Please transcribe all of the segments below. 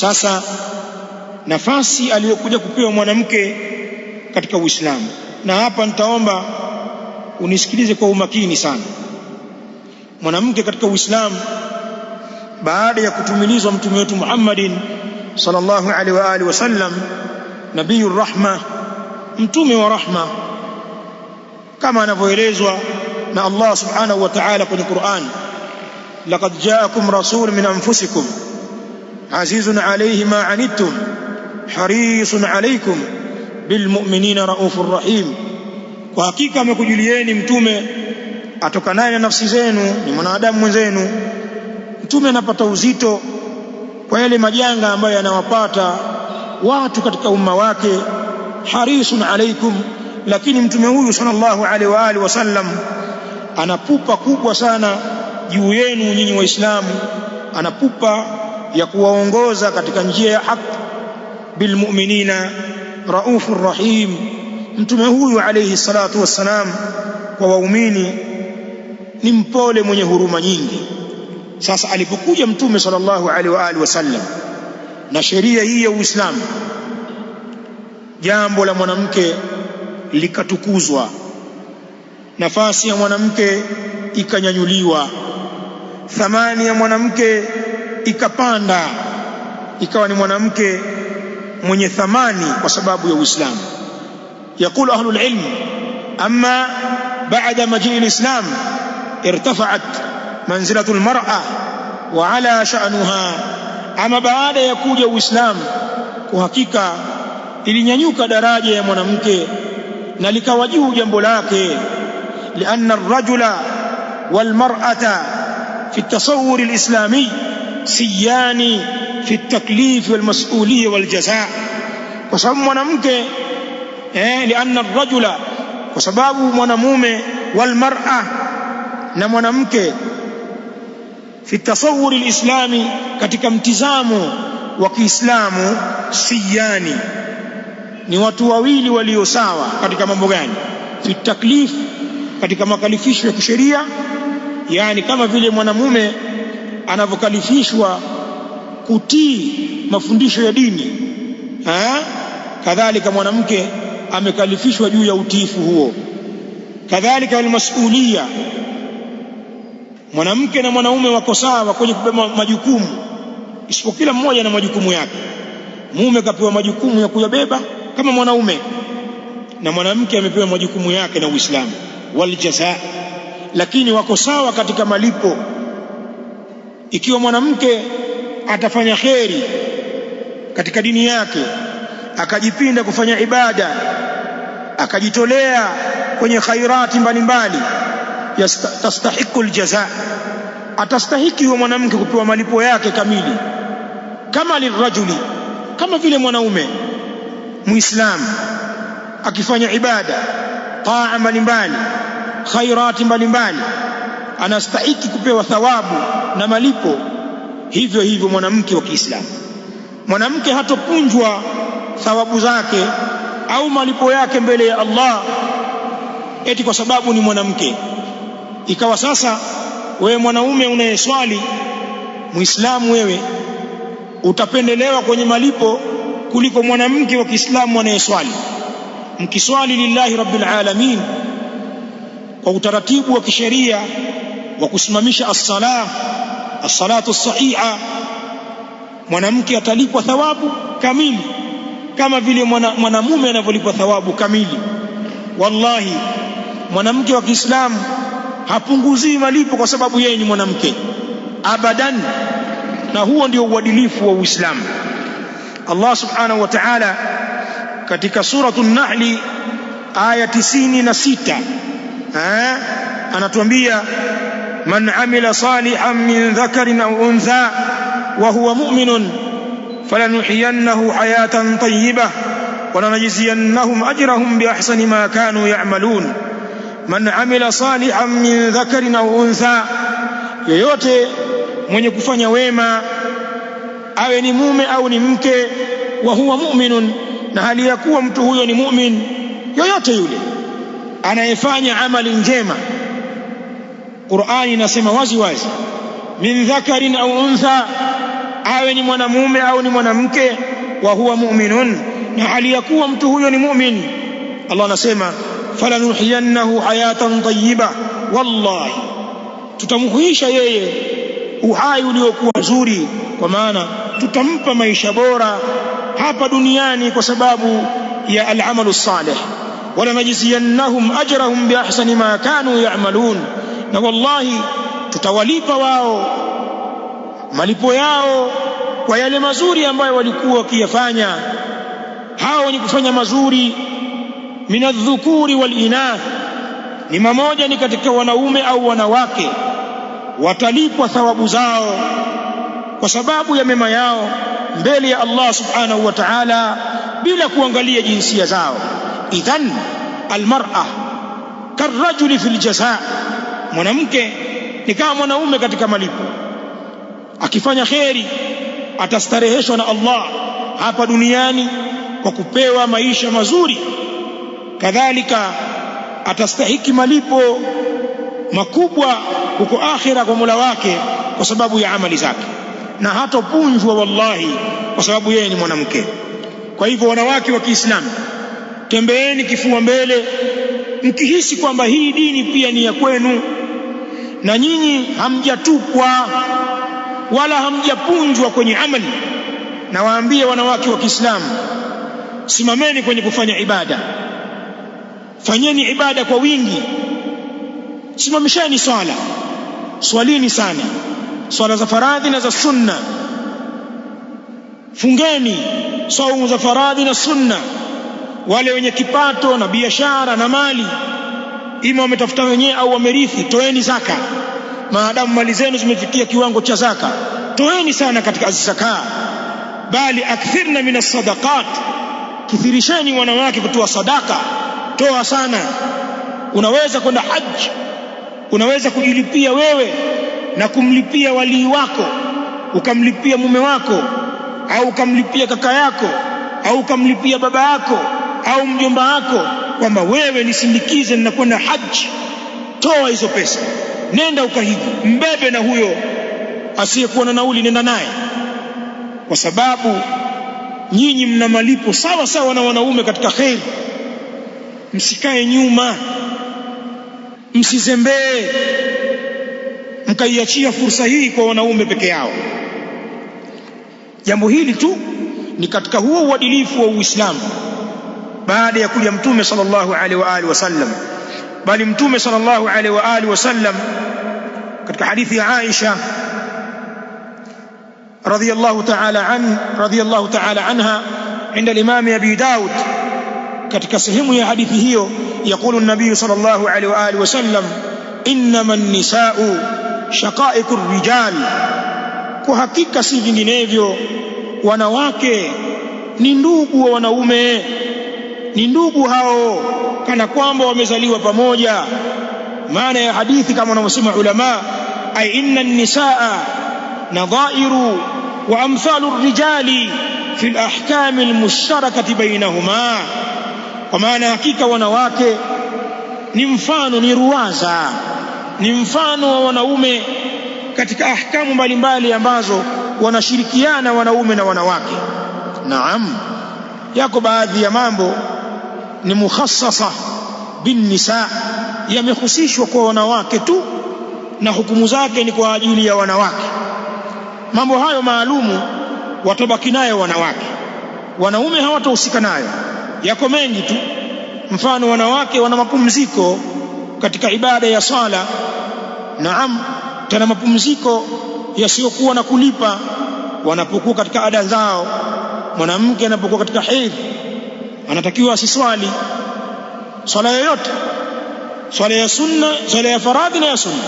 Sasa nafasi aliyokuja kupewa mwanamke katika Uislamu, na hapa nitaomba unisikilize kwa umakini sana. Mwanamke katika Uislamu, baada ya kutumilizwa mtume wetu Muhammadin sallallahu alaihi wa alihi wasallam, nabiyur rahma, mtume wa rahma, kama anavyoelezwa na Allah subhanahu wa ta'ala kwenye Qur'an, laqad ja'akum rasulun min anfusikum azizun alayhi ma anittum harisun alaykum bilmu'minina raufu rahim, kwa hakika amekujulieni mtume atokanaye na nafsi zenu, ni mwanadamu mwenzenu. Mtume anapata uzito kwa yale majanga ambayo yanawapata watu katika umma wake, harisun alaikum. Lakini mtume huyu sallallahu alaihi wa alihi wasallam ana kubwa sana juu yenu nyinyi Waislamu, anapupa ya kuwaongoza katika njia ya haki, bilmuminina raufur rahim. Mtume huyu alayhi salatu wassalam kwa waumini ni mpole mwenye huruma nyingi. Sasa alipokuja Mtume sallallahu alaihi wa alihi wasallam na sheria hii ya Uislamu, jambo la mwanamke likatukuzwa, nafasi ya mwanamke ikanyanyuliwa, thamani ya mwanamke ikapanda ikawa ni mwanamke mwenye thamani kwa sababu ya Uislamu ahlul ilm يقول أهل العلم أما irtafa'at manzilatu almar'a wa ala sha'nuha, ama baada ya kuja Uislamu kwa hakika ilinyanyuka daraja ya mwanamke na likawa juu jambo lake lianna wal mar'ata fi at-tasawwur al-islami siyani fi taklifi walmasulia waljaza kwa sababu mwanamke eh, lianna rajula, kwa sababu mwanamume, walmara, na mwanamke, fi tasawuri lislami, katika mtizamo wa Kiislamu, siyani, ni watu wawili walio sawa. Katika mambo gani? Fi taklif, katika makalifisho ya kisheria, yani kama vile mwanamume anavyokalifishwa kutii mafundisho ya dini ha? Kadhalika mwanamke amekalifishwa juu ya utiifu huo. Kadhalika almasulia, mwanamke na mwanaume wako sawa kwenye kubeba majukumu, isipokuwa kila mmoja na majukumu yake. Mume kapewa majukumu ya kuyabeba kama mwanaume, na mwanamke amepewa majukumu yake na Uislamu. waljaza lakini wako sawa katika malipo. Ikiwa mwanamke atafanya kheri katika dini yake, akajipinda kufanya ibada, akajitolea kwenye khairati mbalimbali, tastahiku aljaza, atastahiki huyo mwanamke kupewa malipo yake kamili, kama lirajuli, kama vile mwanaume Muislamu akifanya ibada, taa mbalimbali, khairati mbalimbali anastahiki kupewa thawabu na malipo. Hivyo hivyo mwanamke wa Kiislamu, mwanamke hatopunjwa thawabu zake au malipo yake mbele ya Allah eti kwa sababu ni mwanamke. Ikawa sasa wewe mwanaume unayeswali Muislamu, wewe utapendelewa kwenye malipo kuliko mwanamke wa Kiislamu anayeswali. Mkiswali lillahi rabbil alamin kwa utaratibu wa kisheria wa kusimamisha as-sala as-salatu as-sahiha, mwanamke atalipwa thawabu kamili kama vile mwanamume anavyolipwa thawabu kamili. Wallahi, mwanamke wa Kiislamu hapunguzii malipo kwa sababu yeye ni mwanamke abadan, na huo ndio uadilifu wa Uislamu. Allah subhanahu wa ta'ala katika suratu Nahli aya tisini na sita eh, anatuambia من عمل صالحا من ذكر أو أنثى وهو مؤمن فلنحيينه حياة طيبة ولنجزينهم أجرهم بأحسن ما كانوا يعملون من عمل صالحا من ذكر أو أنثى yoyote mwenye kufanya wema awe ni mume au ni mke wa huwa mu'minun na hali ya kuwa mtu huyo ni mu'min yoyote yule anayefanya amali njema Qur'ani inasema wazi wazi, min dhakarin au untha, awe ni mwanamume au ni mwanamke, wa huwa mu'minun, na hali ya kuwa mtu huyo ni mu'min. Allah anasema falanuhiyannahu hayatan tayyiba, wallahi, tutamhuisha yeye uhai uliokuwa nzuri, kwa maana tutampa maisha bora hapa duniani kwa sababu ya alamalu salih, walanajziyannahum ajrahum biahsani ma kanu ya'malun na wallahi tutawalipa wao malipo yao kwa yale mazuri ambayo walikuwa wakiyafanya. Hao wenye kufanya mazuri, minadhukuri walinath, ni mamoja ni katika wanaume au wanawake, watalipwa thawabu zao kwa sababu ya mema yao mbele ya Allah subhanahu wa ta'ala, bila kuangalia jinsia zao. Idhan almar'a karrajuli fil jazaa mwanamke ni kama mwanaume katika malipo. Akifanya kheri atastareheshwa na Allah hapa duniani kwa kupewa maisha mazuri, kadhalika atastahiki malipo makubwa huko akhira kwa mula wake kwa sababu ya amali zake, na hatopunjwa wallahi, kwa sababu yeye ni mwanamke. Kwa hivyo, wanawake wa Kiislamu, tembeeni kifua mbele, mkihisi kwamba hii dini pia ni ya kwenu na nyinyi hamjatupwa wala hamjapunjwa kwenye amali. Na waambie wanawake wa Kiislamu, simameni kwenye kufanya ibada, fanyeni ibada kwa wingi, simamisheni swala, swalini sana swala za faradhi na za sunna, fungeni saumu za faradhi na sunna. Wale wenye kipato na biashara na mali ima wametafuta wenyewe au wamerithi, toeni zaka maadamu mali zenu zimefikia kiwango cha zaka, toeni sana katika azzaka. Bali akthirna min alsadaqat, kithirisheni wanawake kutoa sadaka, toa sana. Unaweza kwenda haji, unaweza kujilipia wewe na kumlipia walii wako, ukamlipia mume wako, au ukamlipia kaka yako, au ukamlipia baba yako, au mjomba wako kwamba wewe nisindikize, ninakwenda haji, toa hizo pesa, nenda ukahiji, mbebe na huyo asiyekuwa na nauli, nenda naye, kwa sababu nyinyi mna malipo sawa sawa na wanaume katika kheri. Msikae nyuma, msizembee, mkaiachia fursa hii kwa wanaume peke yao. Jambo hili tu ni katika huo uadilifu wa Uislamu baada ya kuja mtume sallallahu alaihi wa alihi wasallam. Bali mtume sallallahu alaihi wa alihi wasallam katika hadithi ya Aisha radhiyallahu ta'ala an radhiyallahu ta'ala anha inda al-Imam Abi Daud, katika sehemu ya hadithi hiyo yaqulu an-nabiy sallallahu alaihi wa alihi wasallam, innama an-nisa'u shaqaiqu ar-rijal, kwa hakika si vinginevyo wanawake ni ndugu wa wanaume ni ndugu hao, kana kwamba wamezaliwa pamoja. Maana ya hadithi kama wanavyosema ulama, ay inna nisaa nadhairu wa amthalu rijali fi lahkami lmushtarakati bainahuma, kwa maana hakika wanawake ni mfano, ni ruwaza, ni mfano wa wanaume katika ahkamu mbalimbali ambazo wanashirikiana wanaume na wanawake. Naam, yako baadhi ya mambo ni mukhassasa bin nisa, yamehusishwa kwa wanawake tu, na hukumu zake ni kwa ajili ya wanawake. Mambo hayo maalumu watabaki nayo wanawake, wanaume hawatahusika nayo. Yako mengi tu, mfano wanawake wana mapumziko katika ibada ya sala, naam, tena mapumziko yasiyokuwa na kulipa wanapokuwa katika ada zao. Mwanamke anapokuwa katika hedhi anatakiwa asiswali swala yoyote, swala ya sunna, swala ya faradhi na ya sunna,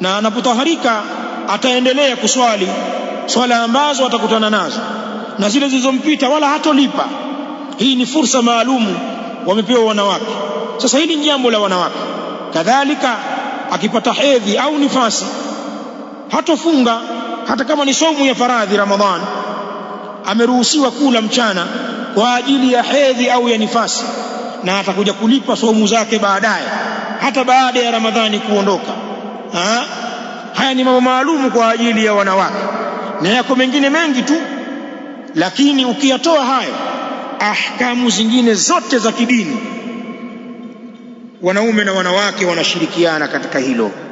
na anapotaharika ataendelea kuswali swala ambazo atakutana nazo na zile zilizompita, wala hatolipa. Hii ni fursa maalumu wamepewa wanawake. Sasa hili ni jambo la wanawake. Kadhalika akipata hedhi au nifasi, hatofunga hata kama ni somu ya faradhi Ramadhani, ameruhusiwa kula mchana kwa ajili ya hedhi au ya nifasi, na atakuja kulipa saumu zake baadaye, hata baada ya Ramadhani kuondoka. Ha? Haya ni mambo maalum kwa ajili ya wanawake, na yako mengine mengi tu, lakini ukiyatoa hayo, ahkamu zingine zote za kidini, wanaume na wanawake wanashirikiana katika hilo.